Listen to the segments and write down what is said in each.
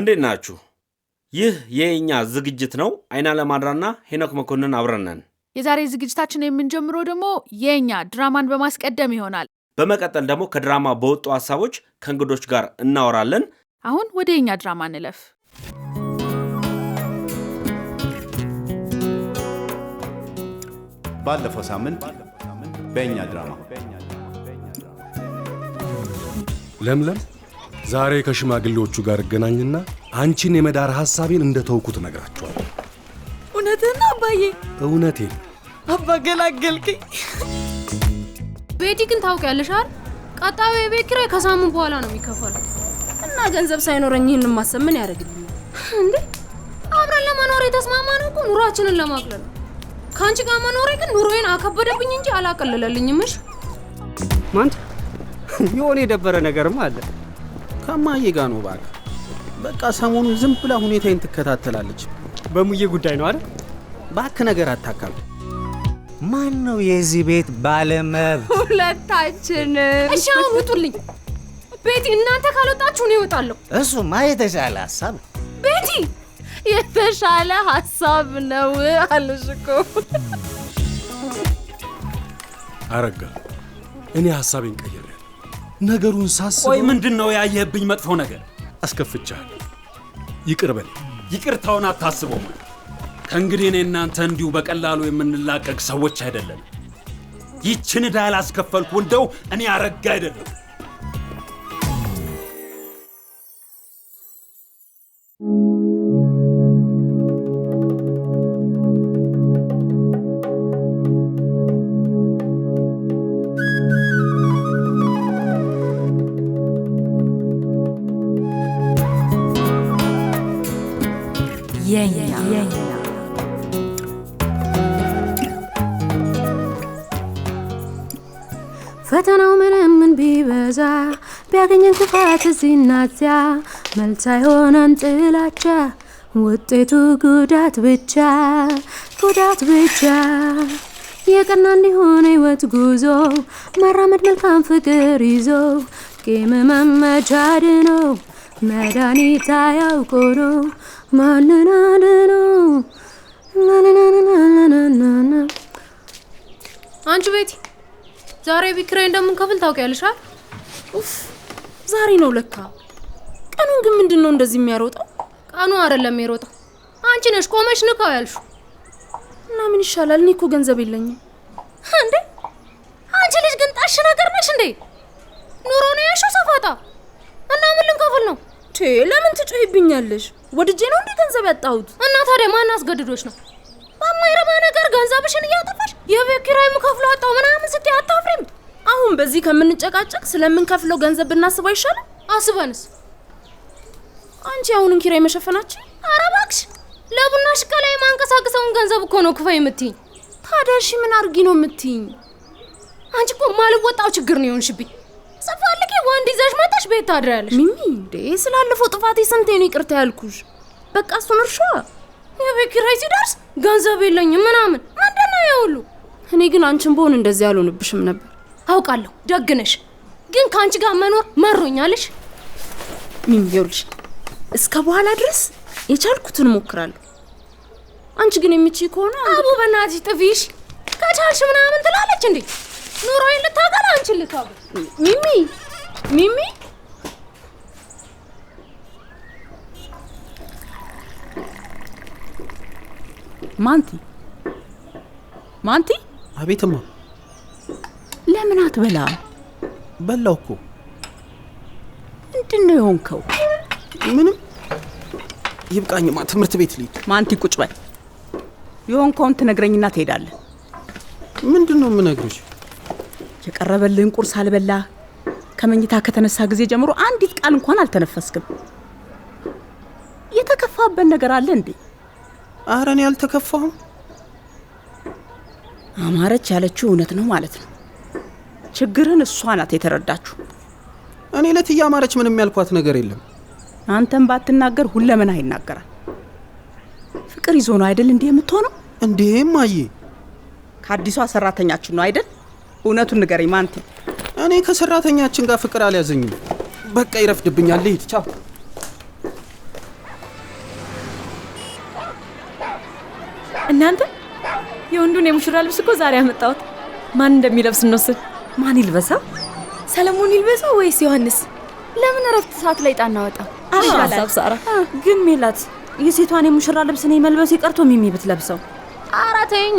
እንዴት ናችሁ? ይህ የእኛ ዝግጅት ነው። አይና ለማድራና ሄኖክ መኮንን አብረነን። የዛሬ ዝግጅታችን የምንጀምረው ደግሞ የእኛ ድራማን በማስቀደም ይሆናል። በመቀጠል ደግሞ ከድራማ በወጡ ሀሳቦች ከእንግዶች ጋር እናወራለን። አሁን ወደ የእኛ ድራማ እንለፍ። ባለፈው ሳምንት በእኛ ድራማ ለምለም ዛሬ ከሽማግሌዎቹ ጋር እገናኝና አንቺን የመዳር ሐሳቤን እንደ ተውኩት እነግራቸዋለሁ። እውነትህና አባዬ? እውነቴን። አባ ገላገልክኝ። ቤቲ ግን ታውቂያለሽ አይደል? ቀጣዩ የቤት ኪራይ ከሳምንት በኋላ ነው የሚከፈለው እና ገንዘብ ሳይኖረኝ ይህን ማሰብ ምን ያደርግልኝ እንዴ? አብረን ለመኖር ነው እኮ ኑሯችንን ለማቅለል ነው። ከአንቺ ጋር መኖሬ ግን ኑሮዬን አከበደብኝ እንጂ አላቀለለልኝም። እሺ ማንት የሆነ የደበረ ነገርም አለ ከማዬ ጋር ነው። እባክህ በቃ ሰሞኑ ዝም ብላ ሁኔታዬን ትከታተላለች። በሙዬ ጉዳይ ነው አይደል? ባክ ነገር አታካም። ማን ነው የዚህ ቤት ባለመብት? ሁለታችን። እሺ ውጡልኝ። ቤቲ እናንተ ካልወጣችሁ ነው ይወጣለሁ። እሱማ የተሻለ ሀሳብ ቤቲ፣ የተሻለ ሀሳብ ነው አለሽ እኮ አረጋ። እኔ ሀሳቤን ቀየር ነገሩን ሳስበው ቆይ ምንድን ነው ያየህብኝ መጥፎ ነገር? አስከፍቻለሁ፣ ይቅር በል። ይቅርታውን አታስበው። ከእንግዲህ እኔ እናንተ እንዲሁ በቀላሉ የምንላቀቅ ሰዎች አይደለም። ይችን ዕዳ ያላስከፈልኩ እንደው እኔ አረጋ አይደለም ፈተናው ምንምን ቢበዛ ቢያገኘን ክፋት እዚህና እዚያ መልስ አይሆነን ጥላቻ ውጤቱ ጉዳት ብቻ ጉዳት ብቻ የቀና እንዲሆነ ህይወት ጉዞ መራመድ መልካም ፍቅር ይዞ ቂም መመቻድ ነው መድኃኒት አያውቁ ነው ማንን አድኖ አንቺ ቤቲ ዛሬ ቤት እንደምን እንደምንከፍል ታውቂያለሽ ያልሻል ኡፍ ዛሬ ነው ለካ። ቀኑን ግን ምንድን ነው እንደዚህ የሚያሮጠው? ቀኑ አይደለም የሮጠው፣ አንቺ ነሽ ቆመሽ ንካው ያልሹ እና ምን ይሻላል? እኔ እኮ ገንዘብ የለኝም። እንዴ አንቺ ልጅ ግን ጣሽ ነገር ነሽ እንዴ? ኑሮ ነው ያሸው ሰፋጣ። እና ምን ልንከፍል ነው? ቼ ለምን ትጮይብኛለሽ? ወድጄ ነው እንዴ ገንዘብ ያጣሁት? እና ታዲያ ማን አስገድዶች ነው በማይረባ ነገር ገንዘብሽን እያጠፋሽ የቤት ኪራይ የምከፍለው ምናምን ስትይ አታፍሪም? አሁን በዚህ ከምንጨቃጨቅ ስለምንከፍለው ገንዘብ ብናስብ አይሻልም? አስበንስ አንቺ አሁንን ኪራይ መሸፈናችን? ኧረ እባክሽ ለቡና ሽቀላ የማንቀሳቀሰውን ገንዘብ እኮ ነው ክፋይ የምትይኝ። ታዲያ እሺ ምን አድርጊ ነው የምትይኝ? አንቺ እኮ ማልወጣው ችግር ነው የሆንሽብኝ። ስፈልጊ ወንድ ይዘሽ መጣሽ ቤት ታድሪያለሽ። ሚሚ እንዴ ስላለፈው ጥፋቴ ስንቴ ነው ይቅርታ ያልኩሽ? በቃ እሱን እርሻ የቤት ኪራይ ሲደርስ ገንዘብ የለኝም ምናምን ምንድን ነው እኔ ግን አንቺን በሆን እንደዚህ አልሆንብሽም ነበር። አውቃለሁ ደግነሽ፣ ግን ከአንቺ ጋር መኖር መሮኛለሽ። ሚም ይኸውልሽ፣ እስከ በኋላ ድረስ የቻልኩትን ሞክራለሁ። አንቺ ግን የምችይ ከሆነ አቡ፣ በእናትሽ ጥፊሽ ከቻልሽ ምናምን ትላለች እንዴ! ኑሮዬን ልታገል አንቺን ልታገል። ሚሚ ሚሚ ማንቲ ማንቲ አቤትማ። ለምን አትበላም? በላው እኮ። ምንድን ነው የሆንከው? ምንም። ይብቃኝማ፣ ትምህርት ቤት ልሂድ። ማንቲ ቁጭ በል። የሆንከውን ትነግረኝና ትሄዳለህ። ምንድን ነው የምነግርሽ? የቀረበልህን ቁርስ አልበላ ከመኝታ ከተነሳ ጊዜ ጀምሮ አንዲት ቃል እንኳን አልተነፈስክም። የተከፋበት ነገር አለ እንዴ? አረ እኔ አልተከፋሁም። አማረች ያለችው እውነት ነው ማለት ነው። ችግርን እሷ ናት የተረዳችሁ። እኔ ለትዬ አማረች ምንም ያልኳት ነገር የለም። አንተም ባትናገር ሁለመና ይናገራል። ፍቅር ይዞ ነው አይደል እንዲህ የምትሆነው? እንዲህም አየ ከአዲሷ ሰራተኛችን ነው አይደል? እውነቱን ንገረኝ ማንቴ። እኔ ከሰራተኛችን ጋር ፍቅር አልያዘኝም። በቃ ይረፍድብኛል፣ ልሂድ። ቻው እናንተ የወንዱን የሙሽራ ልብስ እኮ ዛሬ ያመጣሁት። ማን እንደሚለብስ እንወስን። ማን ይልበሳ? ሰለሞን ይልበሳ ወይስ ዮሐንስ? ለምን እረፍት ሰዓት ላይ ጣና ወጣ? አሳብ ሳራ ግን ሜላት የሴቷን የሙሽራ ልብስ እኔ መልበስ የቀርቶ ሚሚ ብትለብሰው። ኧረ ተይኝ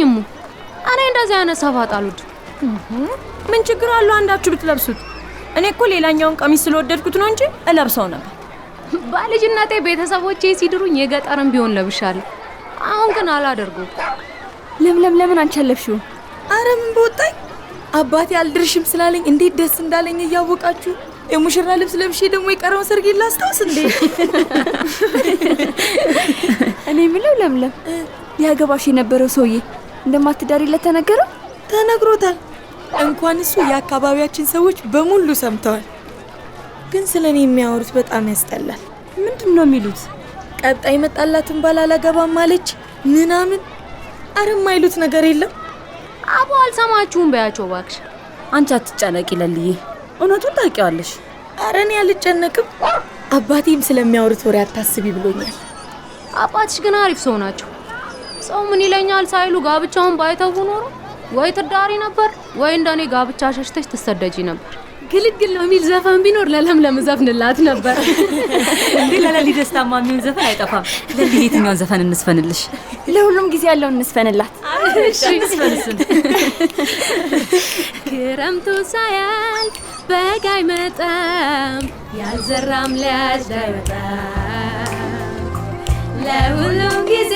እኔ እንደዚህ አይነት ሰፋጥ አሉት። ምን ችግር አለው አንዳችሁ ብትለብሱት? እኔ እኮ ሌላኛውን ቀሚስ ስለወደድኩት ነው እንጂ እለብሰው ነበር። በልጅነቴ ቤተሰቦቼ ሲድሩኝ የገጠርም ቢሆን ለብሻለሁ። አሁን ግን አላደርገው ለምለም ለምን አንቺ አለፍሽው? አረ ምን በወጣኝ አባቴ አልድርሽም ስላለኝ እንዴት ደስ እንዳለኝ እያወቃችሁ የሙሽራ ልብስ ለብሼ ደግሞ የቀረውን ሰርጌ ላስታውስ እንዴ? እኔ የምለው ለምለም ያገባሽ የነበረው ሰውዬ እንደማትዳሪ ለተነገረው ተነግሮታል። እንኳን እሱ የአካባቢያችን ሰዎች በሙሉ ሰምተዋል። ግን ስለ እኔ የሚያወሩት በጣም ያስጠላል። ምንድን ነው የሚሉት? ቀጣይ መጣላትን ባል አለች ምናምን አረ የማይሉት ነገር የለም። አቦ አልሰማችሁም በያቸው ባክሽ አንቺ አትጨነቂ ለልዬ፣ እውነቱን ታውቂዋለሽ። አረ እኔ አልጨነቅም። አባቴም ስለሚያወሩት ወሬ አታስቢ ብሎኛል። አባትሽ ግን አሪፍ ሰው ናቸው። ሰው ምን ይለኛል ሳይሉ ጋብቻውን ባይተው ኖሮ ወይ ትዳሪ ነበር ወይ እንደኔ ጋብቻ ሸሽተሽ ትሰደጂ ነበር። ግልግል ነው የሚል ዘፈን ቢኖር ለለምለም ዘፍንላት ነበር። እንዴ ለለሊ ደስታማ የሚሆን ዘፈን አይጠፋም። ለሊ የትኛውን ዘፈን እንስፈንልሽ? ለሁሉም ጊዜ ያለውን እንስፈንላት። ክረምቱ ሳያል በጋ አይመጣም፣ ያልዘራም ሊያጭድ አይወጣም። ለሁሉም ጊዜ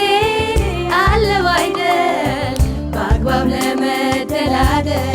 አለው አይደል በአግባብ ለመደላደል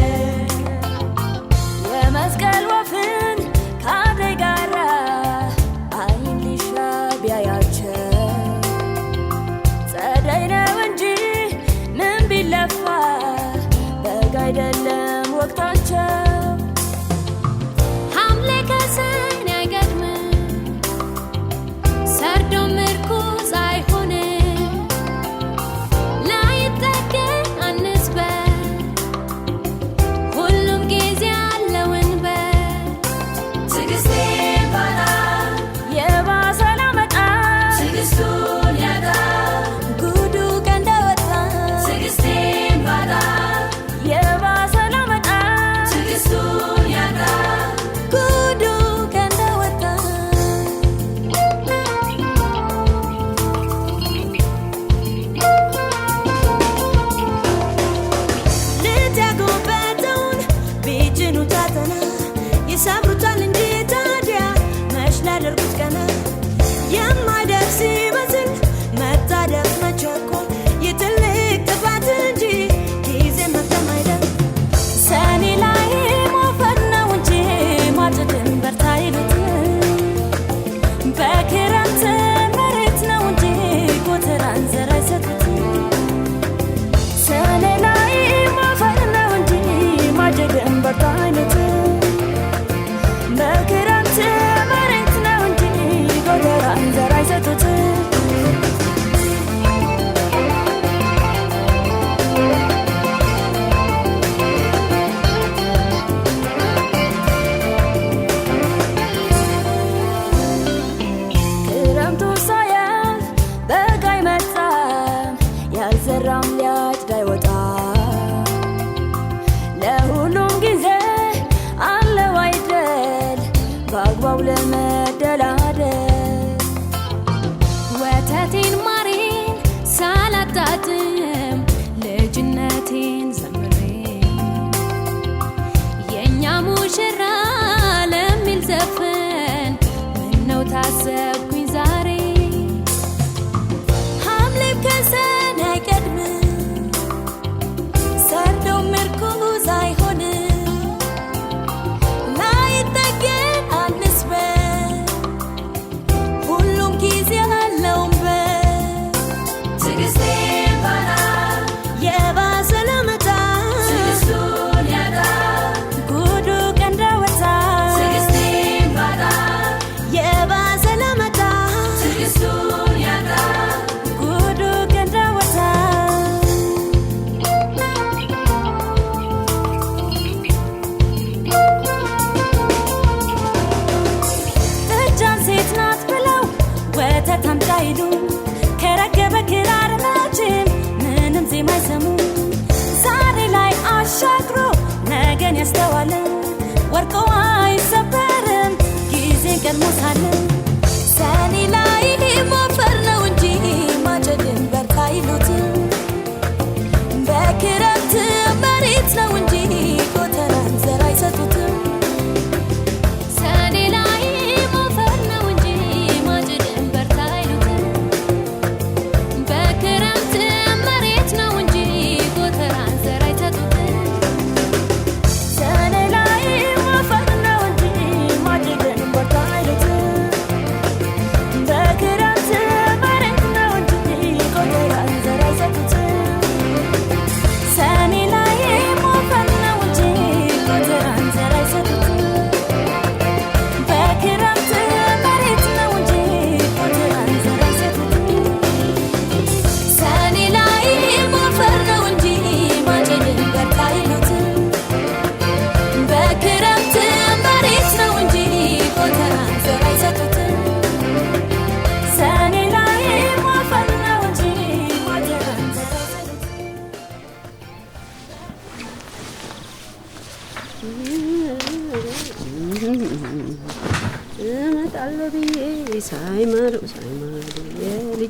그런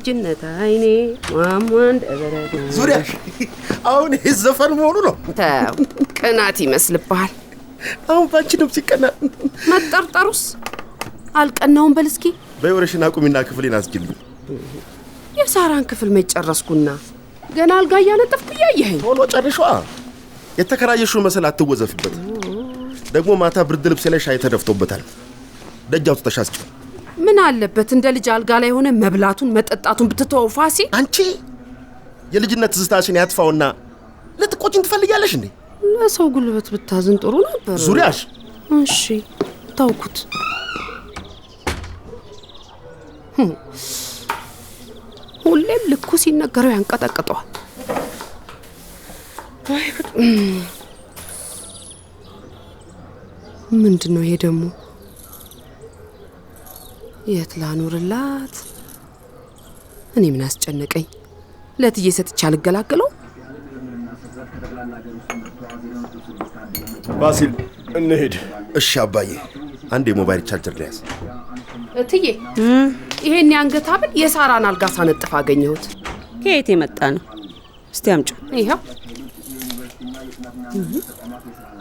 ልጅነት አይኔ ሟሟ እንደበረዶ ዙሪያሽ አሁን ይህ ዘፈን መሆኑ ነው። ተው ቅናት ይመስልብሃል። አሁን ባንቺ ነው ሲቀናል። መጠርጠሩስ አልቀናውን በልስኪ እስኪ በወረሽን አቁሚና ክፍሌን አስጅልኝ። የሳራን ክፍል መጨረስኩና ገና አልጋ እያነጠፍኩ እያየኸኝ ቶሎ ጨርሿ። የተከራየሽው መሰል አትወዘፍበት። ደግሞ ማታ ብርድ ልብሴ ላይ ሻይ ተደፍቶበታል። ደጃውቱ ተሻስጭው ምን አለበት እንደ ልጅ አልጋ ላይ ሆነ መብላቱን መጠጣቱን ብትተወው። ፋሲ አንቺ የልጅነት ትዝታሽን ያጥፋውና ልትቆጭኝ ትፈልጊያለሽ እንዴ? ለሰው ጉልበት ብታዝን ጥሩ ነበር። ዙሪያሽ እሺ፣ ታውኩት ሁሌም ልኩ ሲነገረው ያንቀጠቅጠዋል። ምንድን ነው ይሄ ደግሞ? የት ላኑርላት? እኔ ምን አስጨነቀኝ? ለትዬ ሰጥቼ አልገላገለው። ባሲል እንሄድ። እሺ አባዬ፣ አንድ የሞባይል ቻርጀር ሊያዝ። እትዬ፣ ይሄን የአንገት ሐብል የሳራን አልጋ ሳነጥፍ አገኘሁት። ከየት የመጣ ነው? እስቲ አምጩ። ይኸው።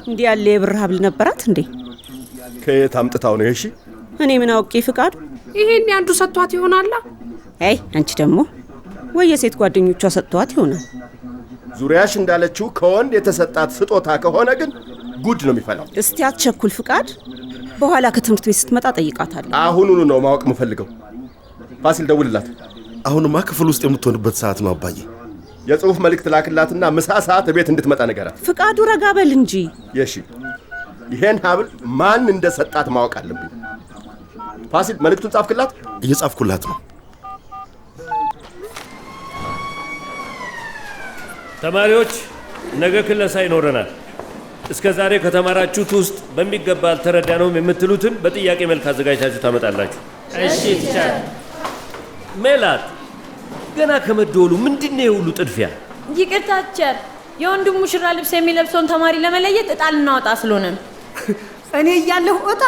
እንዲህ ያለ የብር ሀብል ነበራት እንዴ? ከየት አምጥታው ነው? እሺ፣ እኔ ምን አውቄ ፍቃዱ ይሄን አንዱ ሰጥቷት ይሆናላ። አይ አንቺ ደግሞ ወይ የሴት ጓደኞቿ ሰጥቷት ይሆናል። ዙሪያሽ እንዳለችው ከወንድ የተሰጣት ስጦታ ከሆነ ግን ጉድ ነው የሚፈላው። እስቲ አትቸኩል ፍቃድ፣ በኋላ ከትምህርት ቤት ስትመጣ ጠይቃታለሁ። አሁኑኑ ነው ማወቅ የምፈልገው። ፋሲል ደውልላት። አሁንማ ክፍል ውስጥ የምትሆንበት ሰዓት ነው አባዬ። የጽሑፍ መልእክት ላክላትና ምሳ ሰዓት ቤት እንድትመጣ ነገራት። ፍቃዱ ረጋ በል እንጂ። የሺ ይሄን ሀብል ማን እንደሰጣት ማወቅ አለብኝ። ፋሲል መልእክቱን ጻፍክላት? እየጻፍኩላት ነው። ተማሪዎች ነገ ክለሳ ይኖረናል። እስከ ዛሬ ከተማራችሁት ውስጥ በሚገባ አልተረዳነውም የምትሉትን በጥያቄ መልክ አዘጋጅታችሁ ታመጣላችሁ። እሺ ቲቸር። ሜላት ገና ከመደወሉ ምንድን ነው የሁሉ ጥድፊያ? ይቅርታ ቲቸር፣ የወንድሙ ሙሽራ ልብስ የሚለብሰውን ተማሪ ለመለየት እጣ ልናወጣ ስለሆነ እኔ እያለሁ እጣ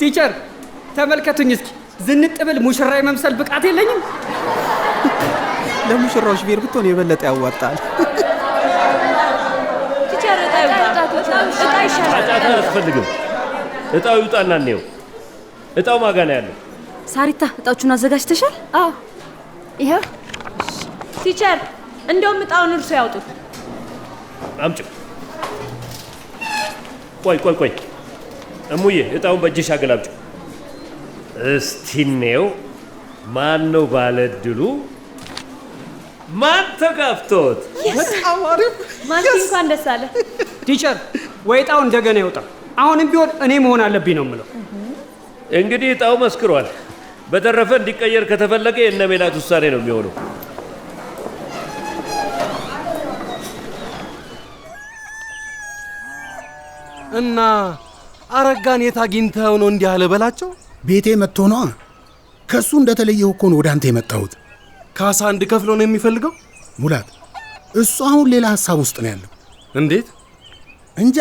ቲቸር ተመልከቱኝ እስኪ ዝንጥ ብል ሙሽራ የመምሰል ብቃት የለኝም። ለሙሽራዎች ቤር ብትሆን የበለጠ ያዋጣል። ጫጫታ አያስፈልግም። እጣው ይውጣና እንየው። እጣው ማጋ ነው ያለው? ሳሪታ እጣዎቹን አዘጋጅተሻል? አዎ ይኸው። ቲቸር እንደውም እጣውን እርሱ ያውጡት። አምጪው። ቆይ ቆይ ቆይ እሙዬ እጣውን በእጅሽ አገላብጭ። እስቲኔው ማን ነው ባለድሉ? ማን ተጋፍቶት? እንኳን ደስ አለ። ቲቸር፣ ወይ እጣው እንደገና ይውጣ። አሁንም ቢሆን እኔ መሆን አለብኝ ነው የምለው። እንግዲህ እጣው መስክሯል። በተረፈ እንዲቀየር ከተፈለገ የእነ ሜላት ውሳኔ ነው የሚሆነው። እና አረጋን የት አግኝተኸው ነው እንዲህ አለ በላቸው። ቤቴ መጥቶ ነዋ። ከእሱ እንደተለየሁ እኮ ነው ወደ አንተ የመጣሁት። ካሳ እንድከፍለው ነው የሚፈልገው ሙላት። እሱ አሁን ሌላ ሀሳብ ውስጥ ነው ያለው። እንዴት እንጃ፣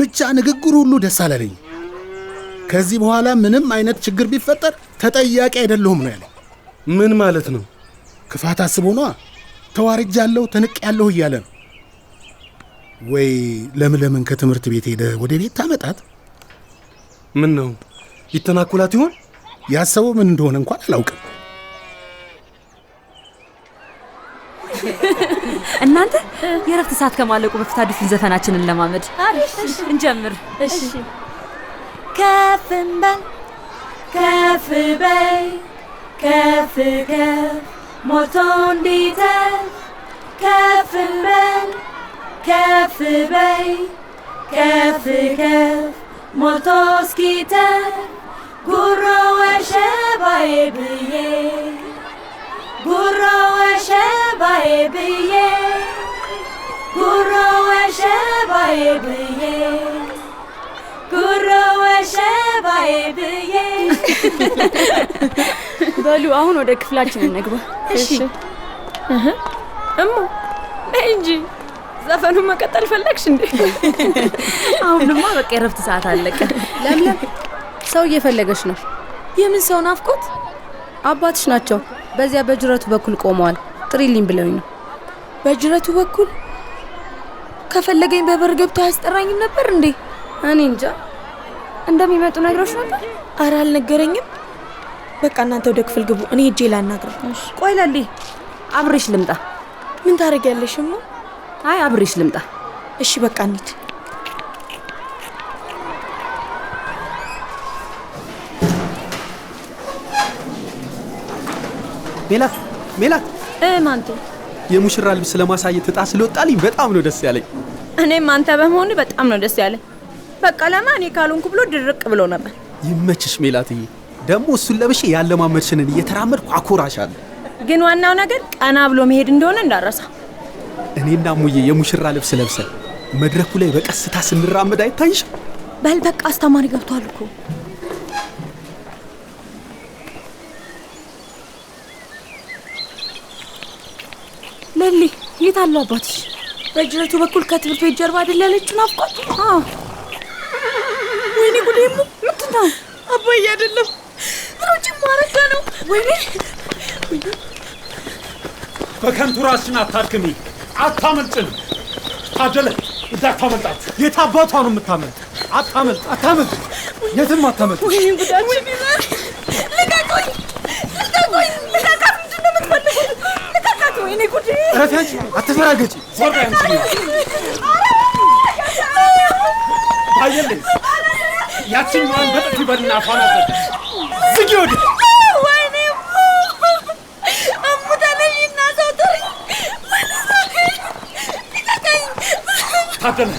ብቻ ንግግሩ ሁሉ ደስ አላለኝ። ከዚህ በኋላ ምንም አይነት ችግር ቢፈጠር ተጠያቂ አይደለሁም ነው ያለው። ምን ማለት ነው? ክፋት አስቦ ነዋ። ተዋርጃለሁ፣ ተንቄያለሁ እያለ ነው ወይ ለምለምን ከትምህርት ቤት ሄደ ወደ ቤት ታመጣት? ምን ነው ይተናኮላት ይሆን? ያሰበው ምን እንደሆነ እንኳን አላውቅም። እናንተ የእረፍት ሰዓት ከማለቁ በፊት አዲሱን ዘፈናችንን ለማመድ እንጀምር። እሺ ከፍ በል ከፍ በይ ከፍ ከፍ ሞቶ እንዲተፍ ከፍ በል ከፍ በይ ከፍ ከፍ Moltos quiter, gurro eşeba ebliye. Gurro eşeba ebliye. Gurro eşeba ebliye. Gurro eşeba ebliye. በሉ አሁን ወደ ክፍላችን እንግባ። እሺ እማ እንጂ ዘፈኑን መቀጠል ፈለግሽ እንዴ? አሁን ድማ በቃ የረፍት ሰዓት አለቀ። ለምለም ሰው እየፈለገች ነው። የምን ሰው ናፍቆት? አባትሽ ናቸው። በዚያ በጅረቱ በኩል ቆመዋል። ጥሪልኝ ብለውኝ ነው። በጅረቱ በኩል ከፈለገኝ በበር ገብቶ አያስጠራኝም ነበር እንዴ? እኔ እንጃ። እንደሚመጡ ነግሮች ነበር? አረ አልነገረኝም። በቃ እናንተ ወደ ክፍል ግቡ፣ እኔ እጄ ላናግረው። ቆይ አብሬሽ ልምጣ። ምን ታደርጊያለሽማ? አይ አብሬሽ ልምጣ። እሺ በቃ እንሂድ። ሜላት ሜላት፣ ማንቱ የሙሽራ ልብስ ለማሳየት እጣ ስለወጣልኝ በጣም ነው ደስ ያለኝ። እኔም አንተ በመሆኑ በጣም ነው ደስ ያለኝ። በቃ ለማ እኔ ካልሆንኩ ብሎ ድርቅ ብሎ ነበር። ይመችሽ ሜላትዬ። ደግሞ እሱን ለብሼ ያለማመድሽንን እየተራመድኩ አኮራሻለሁ። ግን ዋናው ነገር ቀና ብሎ መሄድ እንደሆነ እንዳረሳ እኔና ሙዬ የሙሽራ ልብስ ለብሰን መድረኩ ላይ በቀስታ ስንራመድ አይታይሽ? በል በቃ አስተማሪ ገብቷል እኮ። ለሊ የት አሉ አባትሽ? በጅረቱ በኩል ከትምህርት ቤት ጀርባ አይደል ያለችው ናፍቆት? ወይኔ ጉዴሙ ምንድን ነው አባዬ? አይደለም ሮጭ ማረጋ ነው። ወይኔ በከንቱ ራስሽን አታድክሚ። አታመልጥን። ታደለ እንዳታመልጣት አታመልጣት። የት አባቷ ነው የምታመልጥ? አታመልጥ፣ አታመልጥ፣ የትም አታመልጥ። አትፈራገጪ። ባየልኝ ያችን ማን በጥፊ በልና ፋና ዝጊ ወደ ታደለ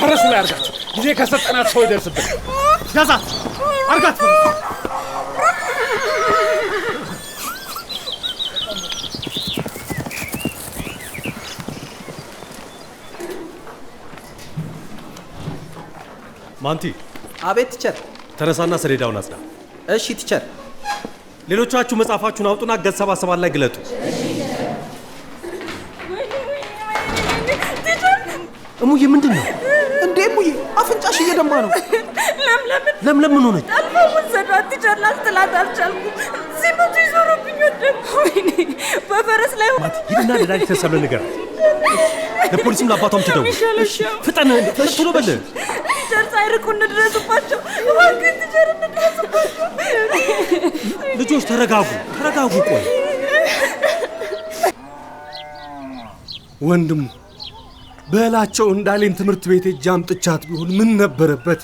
ፈረሱ ላይ አርጋት። ጊዜ ከሰጠናት ሰው ይደርስብን። ያዛት፣ አርጋት ፈረሱ ማንቲ። አቤት ቲቸር። ተነሳና ሰሌዳውን አጽዳ። እሺ ቲቸር። ሌሎቻችሁ መጽሐፋችሁን አውጡና ገጽ ሰባ ሰባት ላይ ግለጡ። ነው? ለምለምን ለምለም ምን ሆነች? ላት አልቻልኩም። ሲመቱ ይዞሩብኝ ወደ በፈረስ ላይ ሆ ሂድና ለዳጅ ተሰብለ ነገር ለፖሊስም ለአባቷም ትደውል። ፍጠን ቶሎ በል። ቲቸር አይርቁ እንድረሱባቸው፣ እባክህ ቲቸር እንድረሱባቸው። ልጆች ተረጋጉ፣ ተረጋጉ። ቆይ ወንድሙ በላቸው እንዳሌን ትምህርት ቤት ሄጄ አምጥቻት ቢሆን ምን ነበረበት?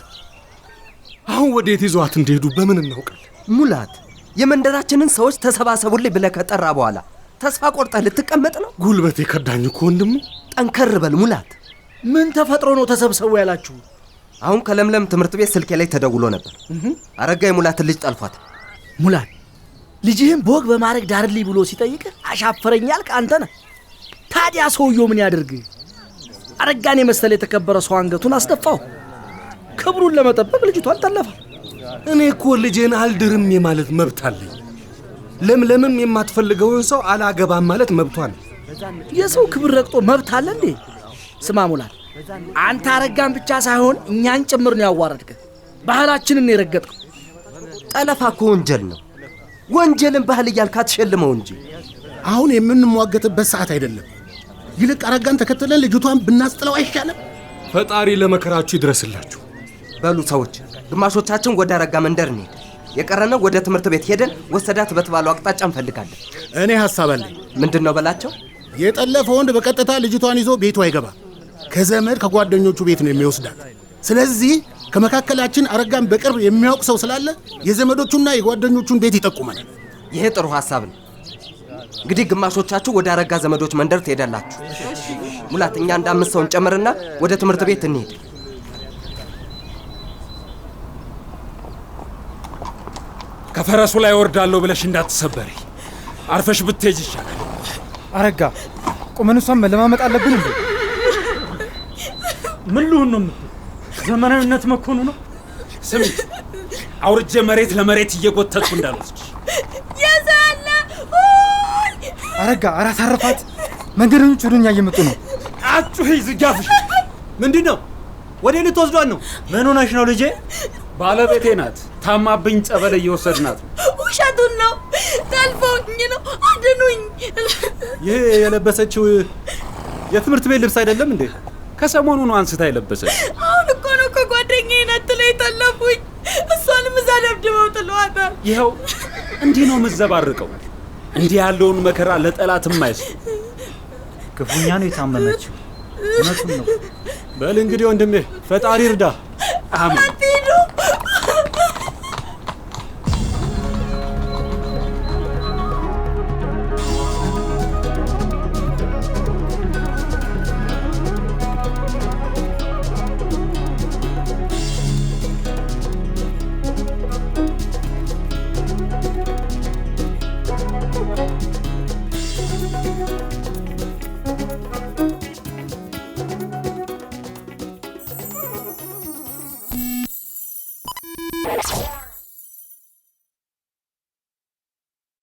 አሁን ወዴት ይዟት እንደሄዱ በምን እናውቃለን? ሙላት የመንደራችንን ሰዎች ተሰባሰቡልኝ ብለህ ከጠራ በኋላ ተስፋ ቆርጠህ ልትቀመጥ ነው? ጉልበት የከዳኝ እኮ ወንድሙ። ጠንከር በል ሙላት። ምን ተፈጥሮ ነው ተሰብሰቡ ያላችሁ? አሁን ከለምለም ትምህርት ቤት ስልኬ ላይ ተደውሎ ነበር። አረጋ የሙላትን ልጅ ጠልፏት። ሙላት ልጅህን በወግ በማድረግ ዳርልኝ ብሎ ሲጠይቅ አሻፈረኛል ያልክ ነህ። ታዲያ ሰውየው ምን ያደርግ? አረጋን የመሰለ የተከበረ ሰው አንገቱን አስደፋው። ክብሩን ለመጠበቅ ልጅቷን ጠለፈ። እኔ እኮ ልጄን አልድርም የማለት መብት አለኝ። ለምለምም የማትፈልገውን ሰው አላገባም ማለት መብቷ ነው። የሰው ክብር ረግጦ መብት አለ እንዴ? ስማ ሙላል፣ አንተ አረጋን ብቻ ሳይሆን እኛን ጭምር ነው ያዋረድክ፣ ባህላችንን የረገጥከው። ጠለፋ እኮ ወንጀል ነው። ወንጀልን ባህል እያልክ አትሸልመው እንጂ አሁን የምንሟገትበት ሰዓት አይደለም። ይልቅ አረጋን ተከትለን ልጅቷን ብናስጥለው አይሻለም? ፈጣሪ ለመከራችሁ ይድረስላችሁ። በሉ ሰዎች፣ ግማሾቻችን ወደ አረጋ መንደር እንሄድ፣ የቀረነው ወደ ትምህርት ቤት ሄደን ወሰዳት በተባለው አቅጣጫ እንፈልጋለን። እኔ ሀሳብ አለኝ። ምንድን ነው በላቸው። የጠለፈ ወንድ በቀጥታ ልጅቷን ይዞ ቤቱ አይገባ፣ ከዘመድ ከጓደኞቹ ቤት ነው የሚወስዳት። ስለዚህ ከመካከላችን አረጋን በቅርብ የሚያውቅ ሰው ስላለ የዘመዶቹና የጓደኞቹን ቤት ይጠቁመናል። ይሄ ጥሩ ሀሳብ ነው። እንግዲህ ግማሾቻችሁ ወደ አረጋ ዘመዶች መንደር ትሄዳላችሁ። ሙላት፣ እኛ እንደ አምስት ሰውን ጨምርና ወደ ትምህርት ቤት እንሄድ። ከፈረሱ ላይ ወርዳለሁ ብለሽ እንዳትሰበሪ፣ አርፈሽ ብትሄጅ ይሻላል። አረጋ፣ ቁመን እሷን መለማመጥ አለብን እንዴ? ምን ልሁን ነው የምትል? ዘመናዊነት መኮኑ ነው። ስሚ፣ አውርጄ መሬት ለመሬት እየጎተትኩ እንዳልወስድሽ አረጋ አራት አረፋት። መንገደኞች ወደ እኛ እየመጡ ነው። አጩህ ዝጋፍሽ ምንድን ነው? ወደ ልትወስዷን ነው? ምን ሆነሽ ነው ልጄ? ባለቤቴ ናት። ታማብኝ ጸበል እየወሰድናት ነው። ውሸቱን ነው። ታልፈውኝ ነው። አድኑኝ። ይሄ የለበሰችው የትምህርት ቤት ልብስ አይደለም እንዴ? ከሰሞኑ ነው አንስታ የለበሰች። አሁን እኮ ነው ከጓደኛዬ ናት ላይ የተለፉኝ። እሷንም እዛ ደብድበው ጥለዋታል። ይኸው እንዲህ ነው ምዘባርቀው እንዲህ ያለውን መከራ ለጠላት የማይስ ክፉኛ ነው የታመመችው። እውነቱም ነው። በል እንግዲህ ወንድሜ ፈጣሪ እርዳ። አሜን።